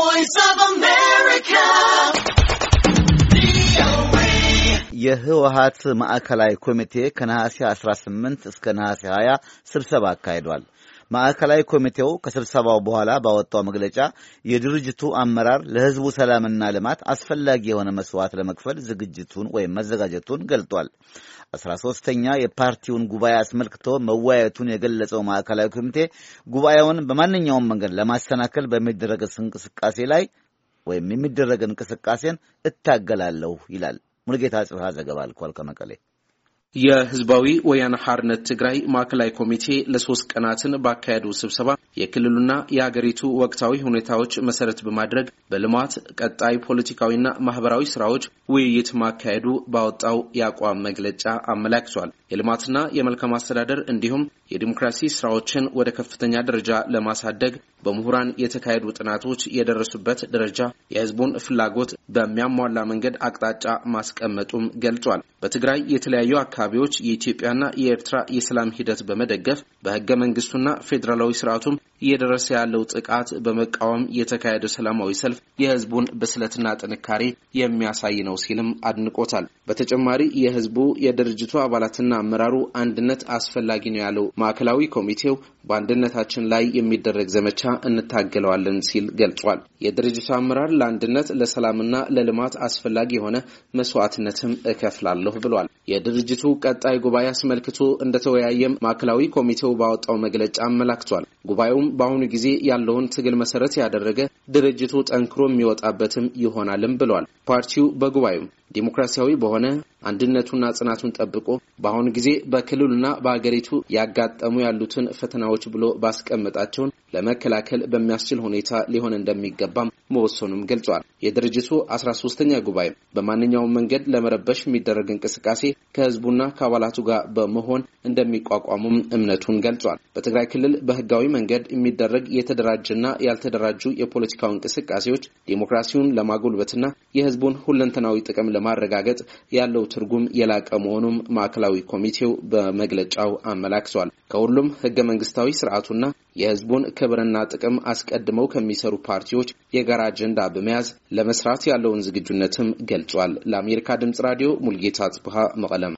voice of America. የህወሀት ማዕከላዊ ኮሚቴ ከነሐሴ 18 እስከ ነሐሴ 20 ስብሰባ አካሂዷል። ማዕከላዊ ኮሚቴው ከስብሰባው በኋላ ባወጣው መግለጫ የድርጅቱ አመራር ለሕዝቡ ሰላምና ልማት አስፈላጊ የሆነ መስዋዕት ለመክፈል ዝግጅቱን ወይም መዘጋጀቱን ገልጧል። አስራ ሶስተኛ የፓርቲውን ጉባኤ አስመልክቶ መወያየቱን የገለጸው ማዕከላዊ ኮሚቴ ጉባኤውን በማንኛውም መንገድ ለማሰናከል በሚደረግ እንቅስቃሴ ላይ ወይም የሚደረግ እንቅስቃሴን እታገላለሁ ይላል። ሙልጌታ ጽብሃ ዘገባ አልኳል ከመቀሌ የህዝባዊ ወያነ ሐርነት ትግራይ ማዕከላዊ ኮሚቴ ለሶስት ቀናትን ባካሄደው ስብሰባ የክልሉና የሀገሪቱ ወቅታዊ ሁኔታዎች መሰረት በማድረግ በልማት ቀጣይ ፖለቲካዊና ማህበራዊ ስራዎች ውይይት ማካሄዱ ባወጣው የአቋም መግለጫ አመላክቷል። የልማትና የመልካም አስተዳደር እንዲሁም የዲሞክራሲ ስራዎችን ወደ ከፍተኛ ደረጃ ለማሳደግ በምሁራን የተካሄዱ ጥናቶች የደረሱበት ደረጃ የህዝቡን ፍላጎት በሚያሟላ መንገድ አቅጣጫ ማስቀመጡም ገልጿል። በትግራይ የተለያዩ አካባቢ አካባቢዎች የኢትዮጵያና የኤርትራ የሰላም ሂደት በመደገፍ በህገ መንግስቱና ፌዴራላዊ ስርዓቱም እየደረሰ ያለው ጥቃት በመቃወም የተካሄደ ሰላማዊ ሰልፍ የህዝቡን ብስለትና ጥንካሬ የሚያሳይ ነው ሲልም አድንቆታል። በተጨማሪ የህዝቡ የድርጅቱ አባላትና አመራሩ አንድነት አስፈላጊ ነው ያለው ማዕከላዊ ኮሚቴው በአንድነታችን ላይ የሚደረግ ዘመቻ እንታገለዋለን ሲል ገልጿል። የድርጅቱ አመራር ለአንድነት ለሰላምና ለልማት አስፈላጊ የሆነ መስዋዕትነትም እከፍላለሁ ብሏል። የድርጅቱ ቀጣይ ጉባኤ አስመልክቶ እንደተወያየም ማዕከላዊ ኮሚቴው ባወጣው መግለጫ አመላክቷል። ጉባኤውም በአሁኑ ጊዜ ያለውን ትግል መሰረት ያደረገ ድርጅቱ ጠንክሮ የሚወጣበትም ይሆናልም ብሏል። ፓርቲው በጉባኤው ዲሞክራሲያዊ በሆነ አንድነቱና ጽናቱን ጠብቆ በአሁኑ ጊዜ በክልሉና በሀገሪቱ ያጋጠሙ ያሉትን ፈተናዎች ብሎ ባስቀመጣቸውን ለመከላከል በሚያስችል ሁኔታ ሊሆን እንደሚገባም መወሰኑም ገልጿል። የድርጅቱ አስራ ሶስተኛ ጉባኤ በማንኛውም መንገድ ለመረበሽ የሚደረግ እንቅስቃሴ ከህዝቡና ከአባላቱ ጋር በመሆን እንደሚቋቋሙም እምነቱን ገልጿል። በትግራይ ክልል በህጋዊ መንገድ የሚደረግ የተደራጀና ያልተደራጁ የፖለቲካዊ እንቅስቃሴዎች ዴሞክራሲውን ለማጎልበትና የህዝቡን ሁለንተናዊ ጥቅም ለማረጋገጥ ያለው ትርጉም የላቀ መሆኑም ማዕከላዊ ኮሚቴው በመግለጫው አመላክቷል። ከሁሉም ህገ መንግስታዊ ስርዓቱና የህዝቡን ክብርና ጥቅም አስቀድመው ከሚሰሩ ፓርቲዎች የጋራ አጀንዳ በመያዝ ለመስራት ያለውን ዝግጁነትም ገልጿል። ለአሜሪካ ድምጽ ራዲዮ ሙልጌታ ጽብሃ መቀለም